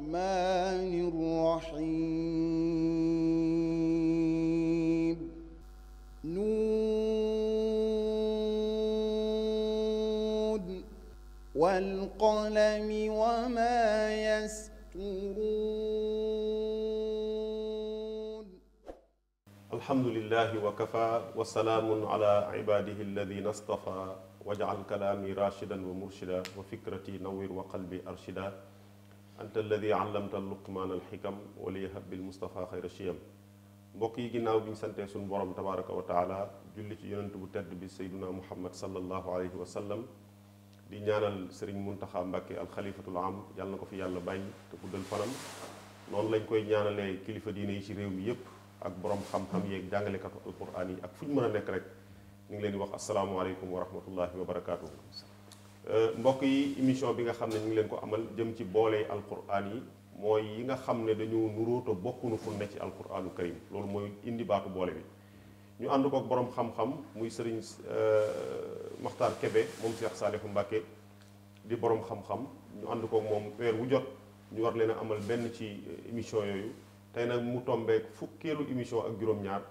الرحمن الرحيم نون والقلم وما يسطرون الحمد لله وكفى وسلام على عباده الذين اصطفى واجعل كلامي راشدا ومرشدا وفكرتي نور وقلبي أرشدا anta alladi allamta luqmaan alxikam waliyahab bil mustafa xayra shiyam mbokk yi ginnaaw bi ñu santee suñu borom tabaraka wa taala julli ci yonent bu tedd bi sayduna muhammad sallallahu alayhi wa sallam di ñaanal sëriñ muntaxa mbàkke alxalifatul am yàlla na ko fi yàlla bàyyi te guddal fanam noonu lañ koy ñaanalee kilifa diine yi ci réew mi yépp ak borom xam-xam yeeg jàngalekatu alquran ak fu ñu mën a nekk rek ñu ngi leen wax asalaamualeykum wa rahmatullahi Euh, mbokk yi émission bi nga xam ne ñu ngi leen ko amal jëm ci boole alquran yi mooy yi nga xam ne dañu nuróota bokkunu fu ne ci alquranu karim loolu mooy indi baatu boole bi ñu ànd kook borom xam-xam muy sëriñ euh, Maxtaar Kebe moom Cheikh Saalihu Mbàkke di borom xam-xam ñu ànd kook moom weer wu jot ñu war leen a amal benn ci euh, émission yooyu tey nag mu tombeek fukkeelu émission ak juróom-ñaar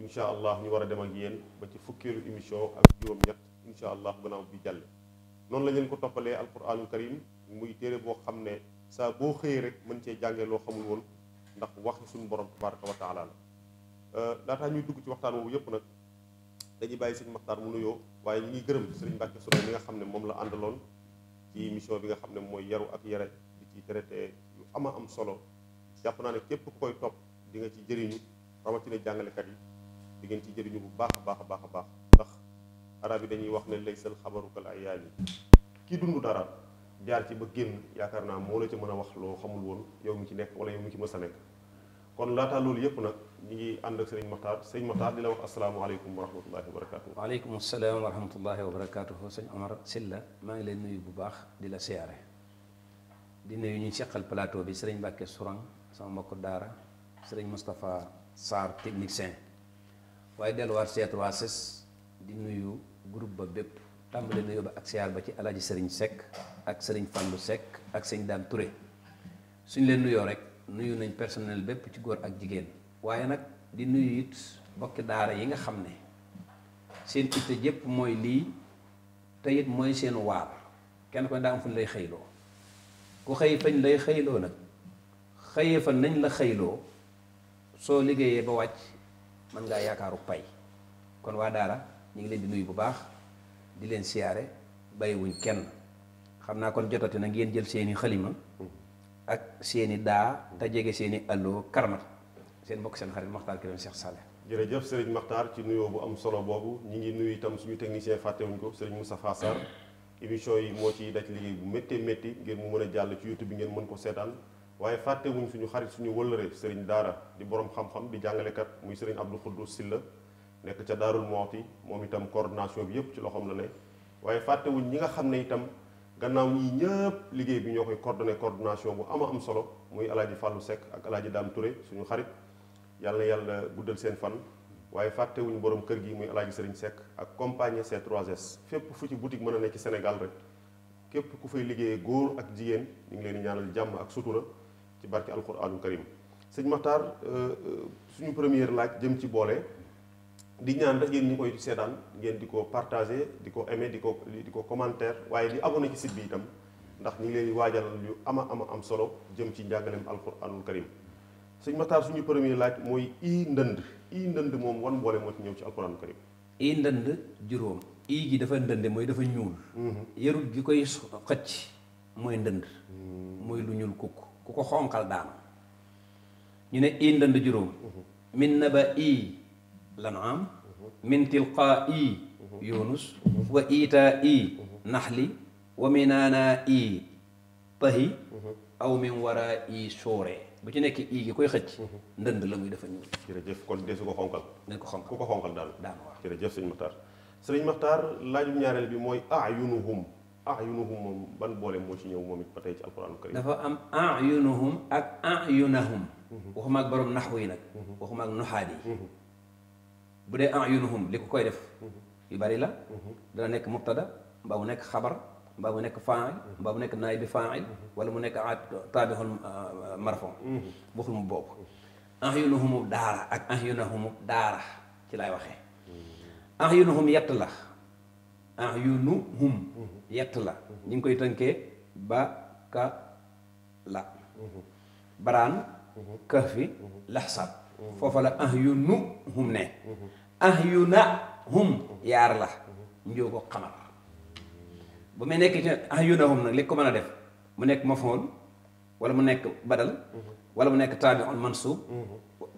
incha allah ñu war a dem ak yéen ba ci fukkeelu émission ak juróom-ñett incha allah bi jàlle noonu la leen ko toppalee alquranul karim muy téere boo xam ne saa boo xëyee rek mën cee jàngee loo xamul woon ndax waxi suñu borom tabaraka wa taala la euh, laataa ñuy dugg ci waxtaan woowu yëpp nag dañuy bàyyi sëñ Maxtaar mu nuyoo waaye ñu ngi gërëm sëriñ Mbàkke Souré mi nga xam ne moom la àndaloon ci mission bi nga xam ne mooy yaru ak yare di ci traité yu ama am solo jàpp naa ne képp ku koy topp di nga ci jëriñu rawatina jàngalekat yi di ngeen ci jëriñu bu baax a baax a baax a baax arab yi dañuy wax ne laysal xabarukal ayaami kii dund dara jaar ci ba génn yaakaar naa moo la ca mën a wax loo xamul woon yow mi ci nekk wala yow mi ci mës a nekk kon laataa loolu yëpp nag ñu ngi ànd ak sëriñ Maxtaar sëriñ Maxtaar di la wax asalaamaaleykum wa rahmatullahi wa barakaatu. waaleykum salaam wa rahmatullahi wa barakaatu sëñ Omar Silla maa ngi lay nuyu bu baax di la siyaare di nuyu ñu seqal plateau bi sëriñ Mbàkke Sourang sama mbokku daara sëriñ Moustapha Sarr technicien waaye delluwaat seet waa CES e di nuyu. groupe ba bépp tàmbale nuyoo ba ak siyaar ba ci ji sëriñ sekk ak sëriñ Fallou sekk ak sëñ daan Touré suñ leen nuyoo rek nuyu nañ personnel bépp ci góor ak jigéen waaye nag di nuyu it bokki daara yi nga xam ne seen itte yépp mooy lii te it mooy seen waar kenn ko ne daa am fuñ lay xëyloo ku xëy fañ lay xëyloo nag xëyee fa nañ la xëyloo soo liggéeyee ba wàcc mën ngaa yaakaaru pay kon waa daara ñu ngi leen di nuyu bu baax di leen siyaare bàyyiwuñ kenn xam naa kon jotati na ngeen jël seeni xalima ak seeni daa te jege seeni allo karamat seen mbokk seen xarit Makhtar Kirame Cheikh Saleh jërëjëf Serigne Makhtar ci nuyoo bu am solo boobu ñu ngi nuyu itam suñu technicien fàttewuñ ko Serigne Moustapha Sarr émission yi moo ci daj liggéey bu métti métti ngir mu mën a jàll ci YouTube bi ngeen mën ko seetaan waaye fàttewuñ suñu xarit suñu wëllëre Serigne Daara di borom xam-xam di jàngalekat muy Serigne Abdou Khoudous Silla nekk ca Daarul Mooti moom itam coordination bi yëpp ci loxoom la ne waaye fàttewuñ ñi nga xam ne itam gannaaw ñii ñëpp liggéey bi ñoo koy coordonné coordination bu ama am solo muy alaaji Fallou sekk ak alaaji Dame Touré suñu xarit yàlla na yàlla guddal seen fan waaye fàttewuñ borom kër gi muy alaaji Serigne Seck ak compagnie C3S fépp fu ci boutique mën a ne ci Sénégal rek képp ku fay liggéeyee góor ak jigéen ñu ngi leen di ñaanal jàmm ak sutura ci barke alquraanul karim sëñ Maxtaar euh, euh, suñu première laaj jëm ci boole di ñaan rek yéen ñu koy seetaan ngeen di ko partager di ko aimer di ko di ko commentaire waaye di abonné ci site bi itam ndax ñu ngi leen di waajalal yu ama ama am solo jëm ci njàngaleem alquranul karim sëñ Matar suñu premier laaj mooy i ndënd i ndënd moom wan mboole moo ci ñëw ci alquranul karim i ndënd juróom ii gi dafa ndënde mooy dafa ñuul mm-hmm. yarut gi koy xëcc mooy ndënd mm-hmm. mooy lu ñuul kukk ku ko xonqal daanu ñu ne i ndënd juróom mm-hmm. min na ba i lanaam min tilqaa'i yunus wa itaa'i naxli wa minaanaa'i tahi aw min waraa'i soore bu ci nekk ii gi koy xëcc ndënd la muy dafa ñuul jërëjëf kon de su ko xonqal dañ ko xonqal ku ko xonqal daanu daanu waaw jërëjëf sëñ Maxtaar sëriñ Maxtaar laajum ñaareel bi mooy ayunuhum ayunuhum moom ban boole moo ci ñëw moom it ba tey ci alquraan karim dafa am ayunuhum ak ayunahum mhm. waxuma ak borom naxwu yi nag mhm. waxuma ak nuxaat yi mhm. bu dee ayunuhum li ko koy def yu bari la dana nekk mubtada mbaa mu nekk xabar mbaa mu nekk faa'il mbaa mu nekk naay bi faa'il wala mu nekk a taabixul ah, marfon boxul mu boobu ayunuhumu daara ak ayunuhumu daara ci lay waxee ayunuhum yett la ayunuhum yett la ñu ngi koy tënkee ba la baraan kahfi laxsab foofa la ahyunu hum ne ahyuna hum yaar la njoo ko xamal bu may nekk ci ahyuna hum nag li ko mën a def mu nekk mafool wala mu nekk badal wala mu nekk taabiun mansuub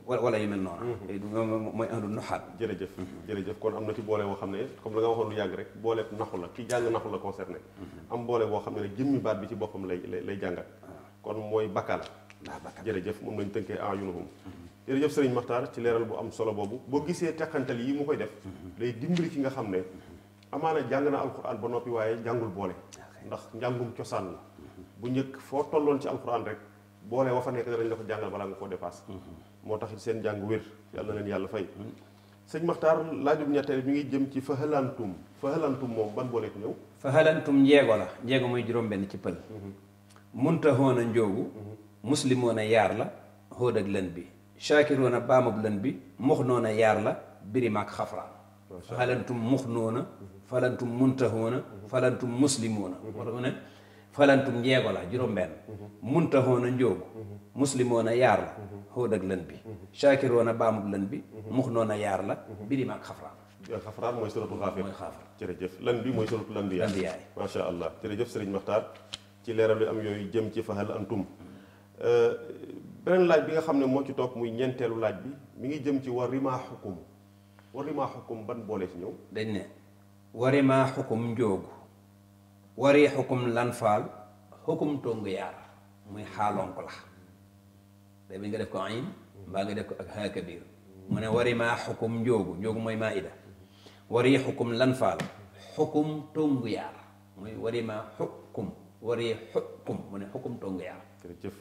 wala yu mel noonu. mooy andu nuxaat. jërëjëf jërëjëf kon am na ci boole woo xam ne comme la nga waxoon lu yàgg rek boole naxu la ki jàng naxu la concerné. Mhm. am boole boo xam ne jëmmi baat bi ci boppam lay lay jàngat. Ah. kon mooy bakka la. waaw ah, bakka jërëjëf moom lañ tënkee ayunuhum mhm. jërëjëf sëriñ Maxtaar ci leeral bu am solo boobu boo gisee teqantal yi mu koy def day dimbali ki nga xam ne amaana jàng na alxuraan ba noppi waaye jàngul boole ndax njàngum cosaan la bu njëkk foo tolloon ci alxuraan rek boole wa fa nekk danañ la ko jàngal balaa nga koo dépasse moo tax seen jàng wér yàlla na yàlla fay sëñ Maxtaar laajum ñetteel mi ngi jëm ci fahalantum fahalantum moom ban boole ci ñëw fahalantum njeego la njeego mooy juróom-benn ci pël mhm. munta hoon a njoogu mhm. muslimoon a yaar la xóod ak lën bi shaakiruuna baamab lan bi mux noona yaar la birim ak xafraan falantum mux noona falantum muntahoona falantum muslimoona wala mu ne falantum njeego la juróom-benn mhm. muntahoona njóogu mhm. muslimoona yaar la mhm. xóod ak lan bi shaakiruuna baamab lan bi mux noona yaar la birim ak xafraan xafraan mooy suratul xaafir mooy xaafir jërëjëf lan bi mooy suratul anbiya anbiyaay macha allah jërëjëf sëriñ Maxtaar ci leeral yu am yooyu jëm ci fahal antum euh, beneen laaj bi nga xam ne moo ci toog muy ñenteelu laaj bi mu ngi jëm ci warimaa xukum warimaa xukum ban boole ci ñëw. dañ ne warimaa xukum njoogu wari xukum lan faal xukum tongu yaar muy xaalonk la day bi nga def ko ayin mbaa nga def ko ak mu ne warimaa xukum njoogu njoogu mooy maida wari xukum lan faal xukum tongu yaar muy warimaa xukum wari xukum mu ne xukum tongu yaar. jërëjëf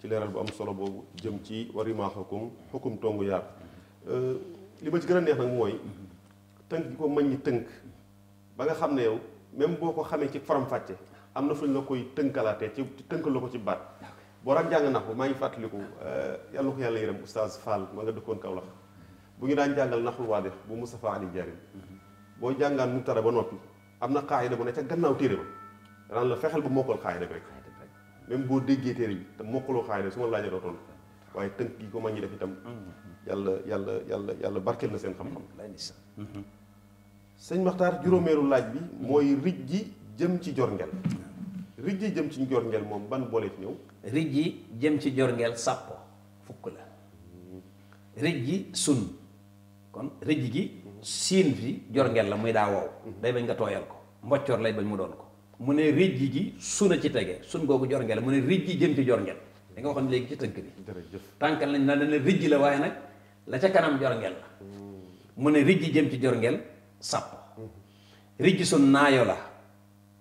ci leeral bu am solo boobu jëm ci warimaaxakum xukum tongu yaar euh, li ma ci gën a neex nag mooy tënk gi ko mañ ñi tënk ba nga xam ne yow même boo ko xamee ci faram-fàcce am na fu la koy tënkalaatee ci tënkal ko ci baat boo daan jàng naxu maa ngi fàttaliku euh, yàlla ko yàlla yërëm oustaz Fall ma nga dëkkoon Kaolack bu ngi daan jàngal naxul waadix bu Moustapha Ali Jarim boo jàngaan mu tara ba noppi am na xaayida bu ne ca gannaaw téere ba daan la fexeel bu mokkal xaayida bi rek même boo déggee téere yi te mokkaloo xaayda su ma laajee waaye tënk gi ko mag ñi def itam yàlla yàlla yàlla yàlla barkeel na seen xam-xam mm-hmm. Mm-hmm. sëñ waxtaar juróomeeru laaj bi mooy rij ji jëm ci jorngel rij ji jëm ci jorngel moom ban boole ñëw rij ji jëm ci jorngel sàppo fukk la mm-hmm. rij ji sun kon rij gi siin fi jorngel la muy daa wow day bañ nga tooyal ko mboccor lay bañ mu doon ko mu ne rijji ji suna ci tegee sun googu jornge la mu ne rijji jëm ci jorngel da nga waxoon léegi ci tënk bi tànkal nañ na dana rijji la waaye nag la ca kanam jorngel la mm. mu ne rijji jëm ci jorngel sàpp mm-hmm. rijji sun naayo la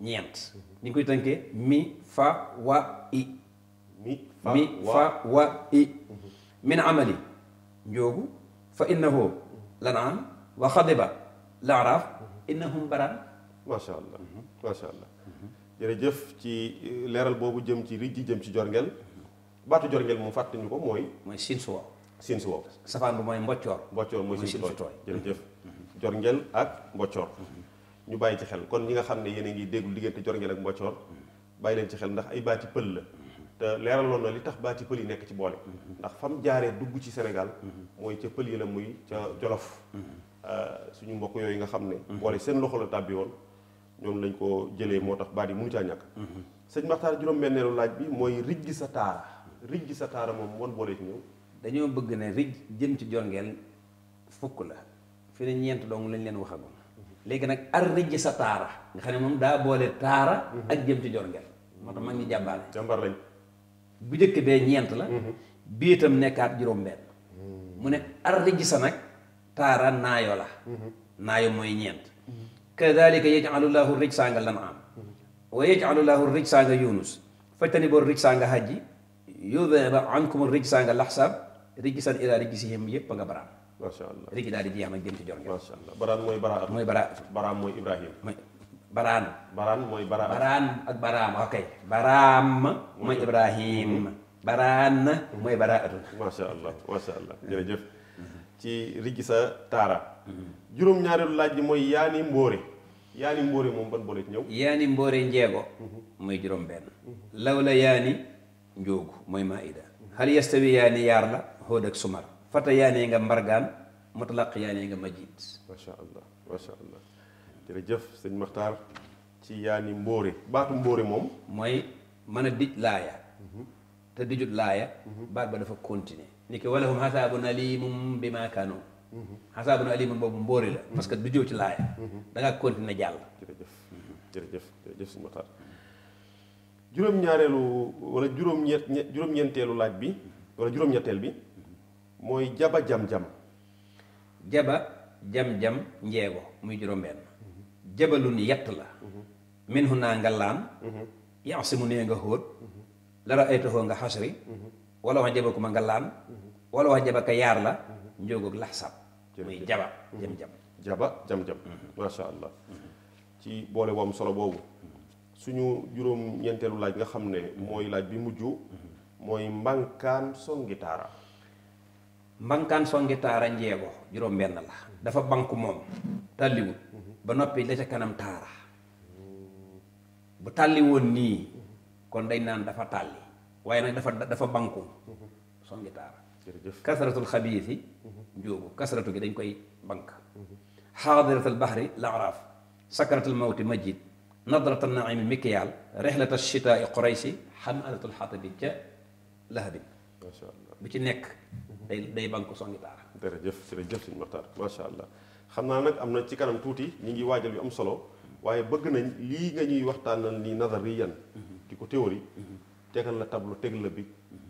ñeent mm-hmm. ni ngi koy tënkee mi fa wa i mi fa wa i mm-hmm. min amali njoogu fa innahu lanaan wa xadiba laaraaf innahum baraan macha allah macha allah jërëjëf ci euh, leeral boobu jëm ci rij ji jëm ci jorngel baatu jorngel moom fàttali ko mooy. mooy siin su wow. siin su wow safaan bi mooy mboccoor. mboccoor mooy siin su tooy jërëjëf. Mm-hmm. ak mboccoor. ñu bàyyi ci xel kon ñi nga xam ne yéen a ngi déglu diggante jorngel ak mboccoor mm-hmm. bàyyi leen ci xel ndax ay baati pël la. Mm-hmm. te leeraloon na li tax baati pël yi nekk ci boole. ndax fam jaaree dugg ci Sénégal. mooy ca pël yi la muy ca Jolof. Euh, suñu mbokk yooyu nga xam ne. boole seen loxo la tàbbi woon. ñoom lañ ko jëlee moo tax baat yi mënu caa ñàkk mhm. sëñ Maxtaar juróom-benneelu laaj bi mooy rijji sa taara rijji sa taara moom wan boolee ci ñëw dañoo bëgg ne rij jëm ci jongeel fukk la fi ne ñeent dong lañ leen waxagum mhm. léegi nag ar rijji sa taara nga xam ne moom daa boole taara mhm. ak jëm ci jongeel moo tax mag ñi jàmbaale jàmbaar bu njëkk bee ñeent la bii itam nekkaat juróom-benn mu ne ar rijji sa nag taara naayo la naayo mooy ñeent kadalika yajcalu llahu rijsa nga lan'am wa yajcalu llahu rijsa nga yunus fajtanibu rijsa nga hajji yudhiba ankum rijsa nga laxsab rijsan ila rijsihim yëpp nga baraan macha allah rij daal di jeex nag jëm ci jor ngeen macha allah baraan mooy baraan mooy baraan baraan mooy ibrahim baraan baraan mooy baraan baraan ak baraam ok baraam mooy ibrahim baraan mooy baraatun macha allah macha allah jërëjëf ci rijsa taara juróom-ñaareelu laaj bi mooy yaani mbóore yaani mbóore moom ban boole ci ñëw yaani mbóore njeego mooy juróom benn mhm. law la yaani njoogu mooy maida hal yastawi yaani yaar la xóod ak sumar fata yaani nga mbargaan mutlaq yaani nga majid macha allah macha allah jërëjëf sëñ Maxtaar ci yaani mbóore baatu mbóore moom mooy mën a dij laaya mhm. te dijut laaya mhm. baat ba dafa continuer ni ki walahum xasaabun aliimum bi maa kaanu xasaabun alimun boobu mbóori la mm-hmm. parce que du jëw ci laaya mm-hmm. da ngaa continuer jàll juróom-ñaareelu wala juróom-ñett juróom-ñeenteelu laaj bi wala juróom-ñetteel bi mooy jaba jam-jam jaba jam-jam njeego muy juróom-benn mm-hmm. jabalun yett la min naa nga laam yaasimu nee nga xóot la ra aytahoo nga xasri wala wax jaba ku ma nga laam wala wax jaba ka yaar la njóogoog laxsab muy jaba jam-jam jaba mm-hmm. jam-jam mm-hmm. macha allah ci boole bu am solo boobu mm-hmm. suñu juróom ñeenteelu laaj nga xam ne mooy laaj bi mujj mooy mbankaan songitaara mbankaan songitaara njeego juróom benn la dafa banku moom tàlliwut ba noppi la ca kanam taara bu tàlliwoon nii kon day naan dafa tàlli waaye nag dafa dafa banku songitaara jërëjëf kasratul xabiisi njóobu kasratu gi dañ koy bank xaadiratal bahri laaraaf sakaratul mawti majid nadratal naimi mikiyaal rexlatal chitaai quraysi xamalatul xatabi ca lahabin macha allah bu ci nekk day day bank songi taara jërëjëf jërëjëf suñu waxtaan macha allah xam naa nag am na ci kanam tuuti ñu ngi waajal yu am solo waaye bëgg nañ lii nga ñuy waxtaanal nii nazariyan mhm. di ko théorie mhm. tegal la tableau teg la bi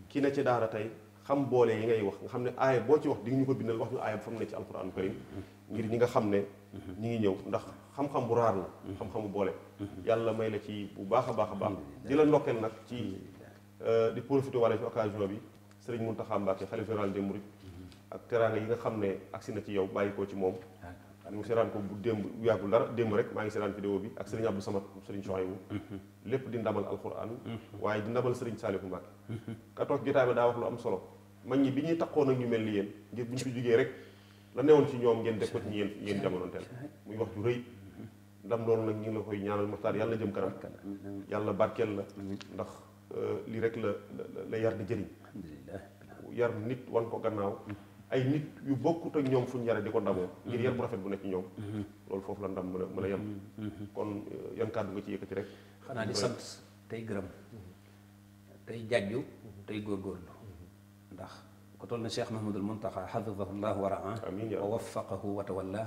ki na ci daara tey xam boole yi ngay wax nga xam ne aaya boo ci wax di ñu ko bindal wax ñu aaya fa mu ne ci alquran karim ngir ñi nga xam ne ñi ngi ñëw ndax xam-xam bu raar la xam-xamu boole yàlla may la ci bu baax a baax a baax di la ndokkeel nag ci euh, di profité wala ci occasion bi sëriñ Mountakha Mbacké xalifa général des mourides ak teraanga yi nga xam ne agsi na ci yow bàyyi ko ci moom xam ne mu seetaan ko bu démb yàggul dara démb rek maa ngi seetaan vidéo bi ak sëriñ Abdou sama sëriñ Sohaybu mm-hmm. lépp di ndamal alquran mm-hmm. waaye di ndamal sëriñ Saalihu Mbàkke mm-hmm. ka toog jotaay ba daa wax lu am solo mag ñi bi ñuy taxoon nag ñu mel ni yéen ngir bu ñu fi jógee rek la newoon ci ñoom ngeen def ko ci yéen yéen jamonoonteel muy wax ju rëy ndam loolu nag ñu ngi la koy ñaanal Muxtaar yàlla jëm kanam yàlla barkeel la ndax euh, lii rek la la yar di jëriñ yar nit wan ko gannaaw ay nit yu bokkut ak ñoom fu ñu yare di ko ndamoo mm-hmm. ngir yar bu rafet bu nekk ci ñoom mm-hmm. loolu foofu la ndam mën a mën a yem mm-hmm. kon euh, yan kàddu nga ci yëkkati rek xanaa di tey gërëm tey jàjju tey góorgóorlu ndax ko toll na Cheikh Mahmadul Muntaxa xafidahu llahu wa raa amiin wa waffaqahu wa tawalla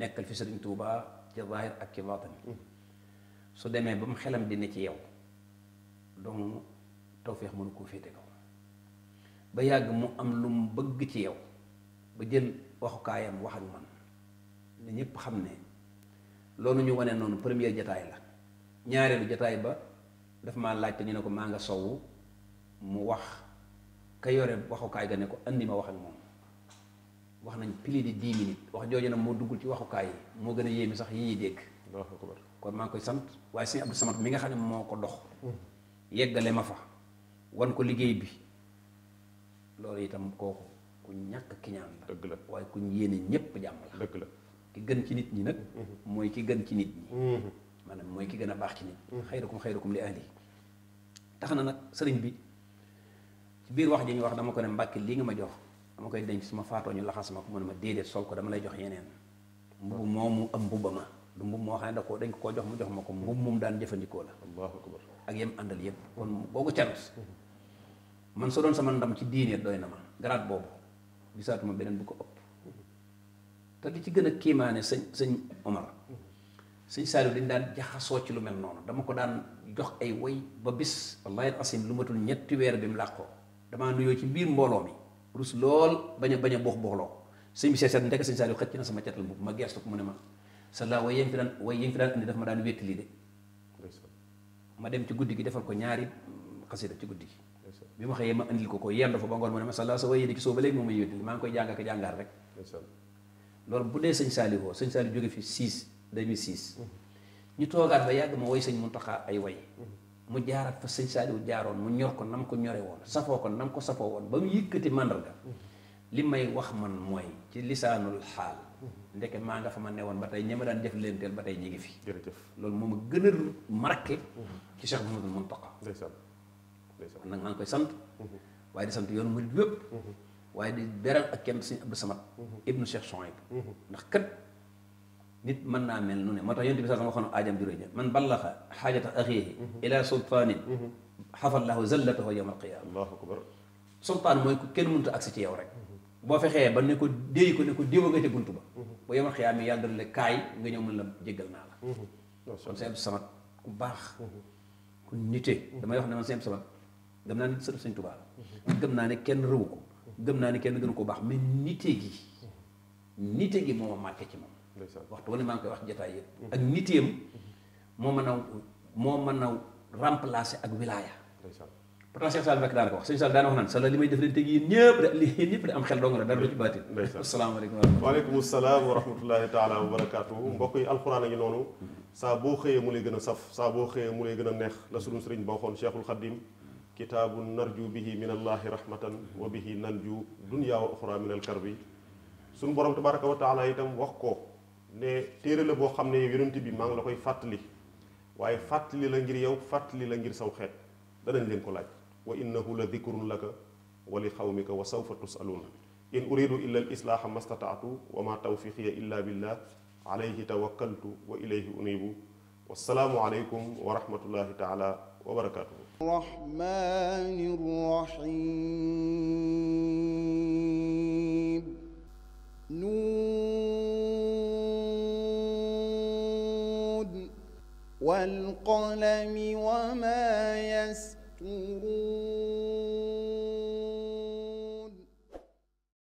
nekkal fi Sëriñ Tuubaa ci zaahir ak ci su demee ba mu xelam di ci yow donc tawféex mënu koo féete ko ba yàgg mu am lu mu bëgg ci yow ba jël waxukaayam wax ak man ne ñëpp xam ne loolu ñu wane noonu première jataay la ñaareelu jataay ba dafa maa laaj te ñu ne ko maa nga sowwu mu wax ka yore waxukaay ga ne ko indi ma wax ak moom wax nañ pili di dix wax jooju nag moo duggul ci waxukaay yi moo gën a yéemi sax yi ñuy dégg kon maa ngi koy sant waaye si Abdou Samad mi nga xam ne moo ko dox yeggale ma fa wan ko liggéey bi loolu itam kooku ku ñàkk kiñaan la. dëgg waaye ku ñu yéene ñëpp jàmm la. la ki gën ci nit ñi nag. Mm-hmm. mooy ki gën ci nit ñi. Mm-hmm. maanaam mooy ki gën a baax ci nit ñi. Mm-hmm. xayrukum xayrukum li ahli tax na nag sëriñ bi ci biir wax ji ñu wax dama ko ne mbàkki lii nga ma jox dama koy denc suma faatoo ñu laxas ma ko mu ne ma déedéet sol ko dama lay jox yeneen. mbubu moomu am mbuba ma du mbub moo xam ne da ko dañ ko koo jox mu jox ma ko mbub moom daan jëfandikoo la. allahu akbar ak yem àndal yëpp man soo doon sama ndam ci diine doy na ma garaat boobu gisaatuma beneen bu ko ëpp te li ci gën a kiimaane sëñ sëñ Omar sëñ Saliou dañ daan jaxasoo ci lu mel noonu dama ko daan jox ay woy ba bis wallahi asim lu matul ñetti weer bi mu làqoo damaa nuyoo ci biir mbooloo mi rus lool bañ a bañ a boox booxloo sëñ bi seeseet ndekk sëñ Saliou xëcc na sama catal mbubb ma geestu ko mu ne ma salla way yéen fi daan way yéen fi daan indi daf ma daan wéttali de ma dem ci guddi gi defal ko ñaari xasida ci guddi bi ma xëyee ma indil ko ko yendu fa ba ngoon mu ne ma sala sa wayee di ci soo ba léegi moom may wétali maa ngi koy jàng ak jàngaar rek loolu bu dee sëñ Saliou sëñ Saliou jóge fi 6 2006 ñu toogaat ba yàgg ma woy sëñ Mountakha ay way mu jaaraat fa sëñ Saliou jaaroon mu ñor ko nam ko ñore woon safoo ko nam ko safoo woon ba mu yëkkati màndarga li may wax man mooy ci lisaanul xaal ndeke maa nga fa ma woon ba tey ña ma daan jëf leenteel ba tey ñi ngi fi jërëjëf loolu moom a gën a marqué ci Cheikh Mouhamadou Mountakha kon nag maa ngi koy sant waaye di sant yoonu murid wépp waaye di beral ak kenn sëñ Abdou Samad ibnu Cheikh Chouaib ndax kat nit mën naa mel nu ne moo tax yonent bi sax sama waxoon aajam juróom ja man ballaxa xaajata axiihi ila sultaanin xafallahu zallatahu yawma alqiyaama allahu akbar sultaan mooy ku kenn a ba ne ko ko ne ko déwa nga ca bunt ba ba la kaay nga ñëw la jéggal naa la kon sëñ Abdou Samad ku baax ku nite damay wax ne man sëñ Abdou Samad gëm naa ne sëriñ sëñ Tuubaa la gëm naa ne kenn rëwu ko gëm naa ne kenn gënu ko baax mais nite gi nite gi moo ma màkke ci moom waxtu wala maa ngi koy wax jataay yëpp ak niteem moo mën a moo mën a remplacer ak wilaaya pourtant Cheikh Sall Mbacke daan ko wax sëñ wax naan sala li may def leen teg yéen ñëpp de am xel dong la dara du ci baati asalaamaaleykum waaleykum salaam wa rahmatullahi taala wa barakaatuhu mbokk yi alxuraan a ngi noonu saa boo xëyee mu lay gën a saf sa boo xëyee mu lay gën a neex la sunu sëriñ ba waxoon Cheikhul Khadim kitaabun narju bihi min allahi rahmatan wa bihi nanju dunya wa uxra min alkarbi suñ borom tabaraka wa taala itam wax ko ne téere la boo xam ne yonent bi maa ngi la koy fàttali waaye fàttali la ngir yow fàttali la ngir saw xeet danañ leen ko laaj wa innahu la dikrun laka wa li xawmika wa sawfa tusalun in uridu illa al islaaha mastataatu wa ma tawfiqiya illa billah alayhi tawakkaltu wa ilayhi unibu wassalaamu alaykum wa rahmatullahi taala wa barakaatu. rahmaani rahiim. nuun. wal qalami wa maa yas